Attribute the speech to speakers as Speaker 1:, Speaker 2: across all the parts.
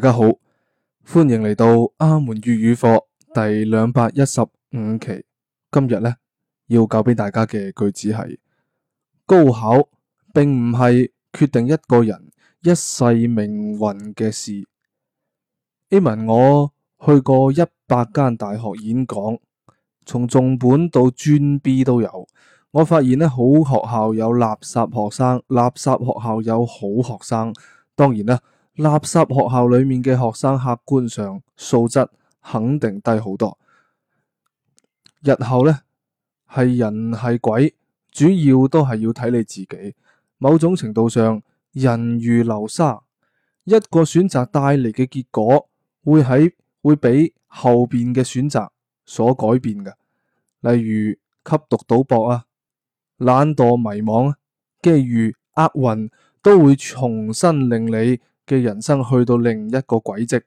Speaker 1: 大家好，歡迎嚟到阿門粵語課第兩百一十五期。今日呢，要教俾大家嘅句子係：高考並唔係決定一個人一世命運嘅事。Amen，我去過一百間大學演講，從重本到專 B 都有。我發現呢，好學校有垃圾學生，垃圾學校有好學生。當然啦。垃圾學校裏面嘅學生，客觀上素質肯定低好多。日後呢，係人係鬼，主要都係要睇你自己。某種程度上，人如流沙，一個選擇帶嚟嘅結果，會喺會俾後邊嘅選擇所改變嘅。例如吸毒、賭博啊，懶惰、迷茫啊，機遇、厄運，都會重新令你嘅人生去到另一個軌跡，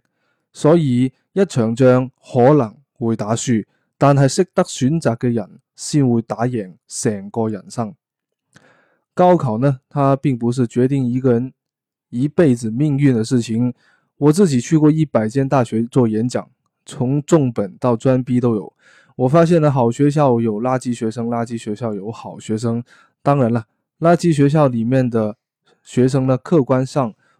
Speaker 1: 所以一場仗可能會打輸，但係識得選擇嘅人先會打贏成個人生。高考呢，它並不是決定一個人一輩子命運的事情。我自己去過一百間大學做演講，從重本到專 B 都有。我發現呢，好學校有垃圾學生，垃圾學校有好學生。當然啦，垃圾學校裏面的學生呢，客觀上。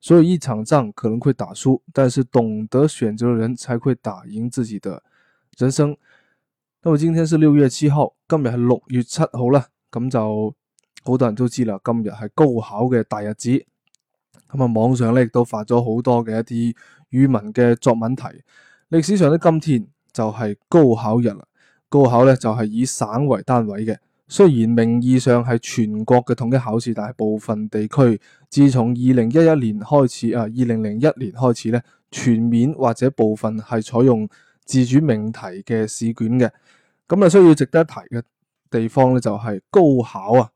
Speaker 1: 所以一場仗可能會打輸，但是懂得選擇的人才會打贏自己的人生。因為今天係六月七號，今日係六月七號啦，咁就好多人都知啦，今日係高考嘅大日子。咁啊，網上咧亦都發咗好多嘅一啲語文嘅作文題。歷史上的今天就係高考日啦，高考咧就係、是、以省為單位嘅。雖然名義上係全國嘅統一考試，但係部分地區自從二零一一年開始啊，二零零一年開始咧，全面或者部分係採用自主命題嘅試卷嘅。咁啊，需要值得提嘅地方咧，就係高考啊。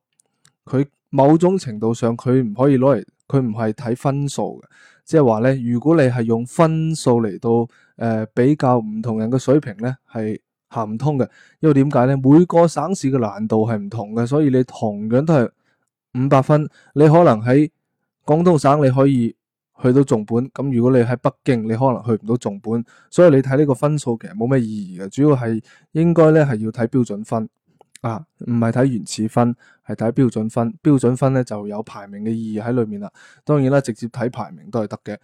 Speaker 1: 佢某種程度上佢唔可以攞嚟，佢唔係睇分數嘅，即係話咧，如果你係用分數嚟到誒、呃、比較唔同人嘅水平咧，係。行唔通嘅，因為點解咧？每個省市嘅難度係唔同嘅，所以你同樣都係五百分，你可能喺廣東省你可以去到重本，咁如果你喺北京，你可能去唔到重本，所以你睇呢個分數其實冇咩意義嘅，主要係應該咧係要睇標準分啊，唔係睇原始分，係睇標準分。標準分咧就有排名嘅意義喺裏面啦。當然啦，直接睇排名都係得嘅。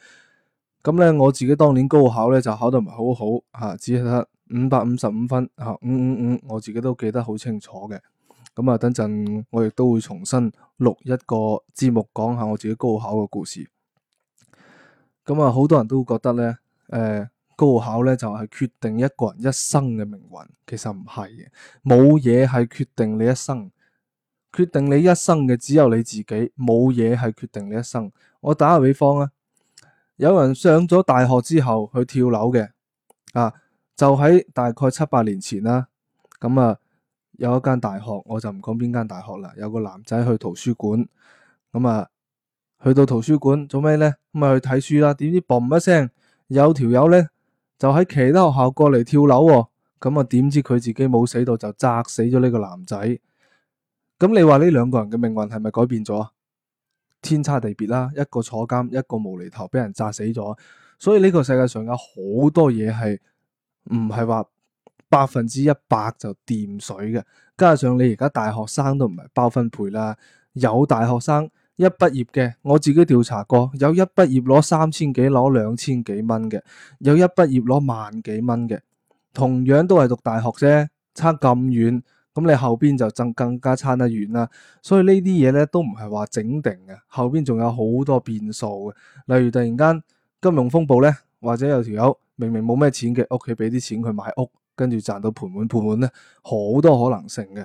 Speaker 1: 咁咧，我自己當年高考咧就考得唔係好好，吓、啊、只係得。五百五十五分，吓五五五，我自己都記得好清楚嘅。咁、嗯、啊，等陣我亦都會重新錄一個節目，講下我自己高考嘅故事。咁、嗯、啊，好、嗯、多人都覺得咧，誒、呃，高考咧就係、是、決定一個人一生嘅命運。其實唔係嘅，冇嘢係決定你一生，決定你一生嘅只有你自己。冇嘢係決定你一生。我打個比方啊，有人上咗大學之後去跳樓嘅，啊。就喺大概七八年前啦、啊，咁、嗯、啊有一間大學，我就唔講邊間大學啦。有個男仔去圖書館，咁、嗯、啊去到圖書館做咩咧？咁、嗯、啊去睇書啦。點知嘣一聲，有條友咧就喺其他學校過嚟跳樓喎、哦。咁啊點知佢自己冇死到，就砸死咗呢個男仔。咁、嗯、你話呢兩個人嘅命運係咪改變咗？天差地別啦，一個坐監，一個無厘頭俾人炸死咗。所以呢個世界上有好多嘢係，唔係話百分之一百就掂水嘅，加上你而家大學生都唔係包分配啦，有大學生一畢業嘅，我自己調查過，有一畢業攞三千幾，攞兩千幾蚊嘅，有一畢業攞萬幾蚊嘅，同樣都係讀大學啫，差咁遠，咁你後邊就更更加差得遠啦，所以呢啲嘢咧都唔係話整定嘅，後邊仲有好多變數嘅，例如突然間金融風暴咧，或者有條友。明明冇咩錢嘅屋企俾啲錢佢買屋，跟住賺到盆滿缽滿咧，好多可能性嘅。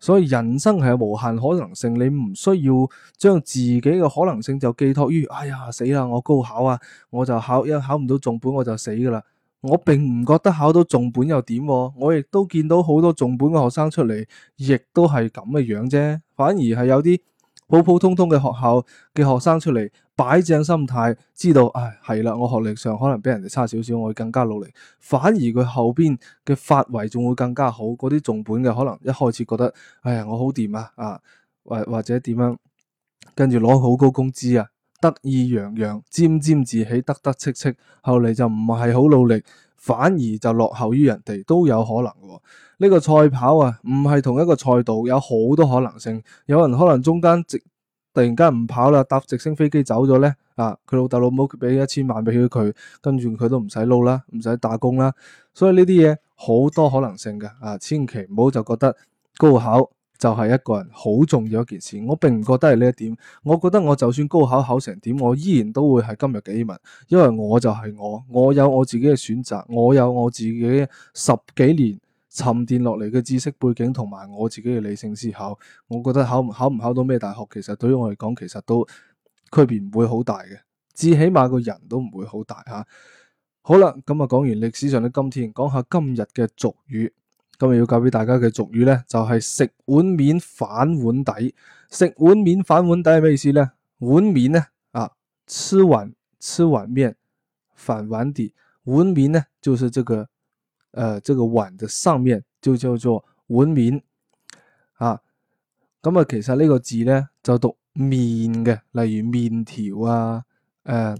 Speaker 1: 所以人生係有無限可能性，你唔需要將自己嘅可能性就寄託於，哎呀死啦！我高考啊，我就考一考唔到重本我就死噶啦。我並唔覺得考到重本又點，我亦都見到好多重本嘅學生出嚟，亦都係咁嘅樣啫。反而係有啲。普普通通嘅學校嘅學生出嚟，擺正心態，知道唉，係啦，我學歷上可能比人哋差少少，我會更加努力，反而佢後邊嘅發圍仲會更加好。嗰啲重本嘅可能一開始覺得唉，我好掂啊啊，或或者點樣啊，跟住攞好高工資啊，得意洋洋，沾沾自喜，得得戚戚，後嚟就唔係好努力。反而就落後於人哋都有可能嘅、哦，呢、這個賽跑啊唔係同一個賽道，有好多可能性。有人可能中間直突然間唔跑啦，搭直升飛機走咗咧啊！佢老豆老母俾一千萬俾咗佢，跟住佢都唔使撈啦，唔使打工啦。所以呢啲嘢好多可能性嘅啊，千祈唔好就覺得高考。就係一個人好重要一件事，我並唔覺得係呢一點，我覺得我就算高考考成點，我依然都會係今日嘅英文，因為我就係我，我有我自己嘅選擇，我有我自己十幾年沉澱落嚟嘅知識背景同埋我自己嘅理性思考，我覺得考唔考唔考，考到咩大學，其實對於我嚟講，其實都區別唔會好大嘅，至起碼個人都唔會好大吓。好啦，咁啊講完歷史上嘅今天，講下今日嘅俗語。今日要教俾大家嘅俗語咧，就係食碗面反碗底。食碗面反碗底係咩意思咧？碗面咧，啊，吃碗吃碗面反碗底。碗面呢，就是這個，誒，這個碗嘅上面就叫做碗面。啊，咁啊，其實呢個字咧就讀面嘅，例如麵條啊，誒，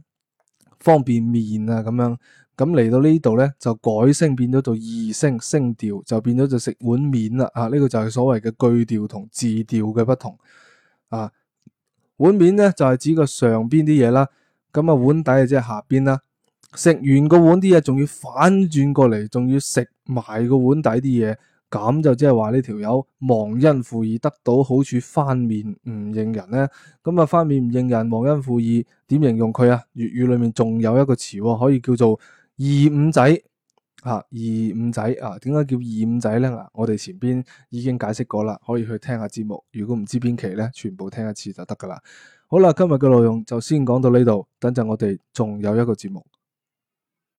Speaker 1: 方便麵啊，咁樣。咁嚟到呢度咧，就改聲變咗做二聲聲調，就變咗就食碗面啦。啊，呢、這個就係所謂嘅句調同字調嘅不同。啊，碗面咧就係、是、指個上邊啲嘢啦。咁啊碗底即係下邊啦。食完個碗啲嘢，仲要反轉過嚟，仲要食埋個碗底啲嘢。咁、啊、就即係話呢條友忘恩負義，得到好處翻面唔認人咧。咁啊，啊翻面唔認人，忘恩負義，點形容佢啊？粵語裏面仲有一個詞、哦、可以叫做。二五仔吓，啊，二五仔啊，點解叫二五仔咧？我哋前邊已經解釋過啦，可以去聽下節目。如果唔知邊期咧，全部聽一次就得噶啦。好啦，今日嘅內容就先講到呢度，等陣我哋仲有一個節目。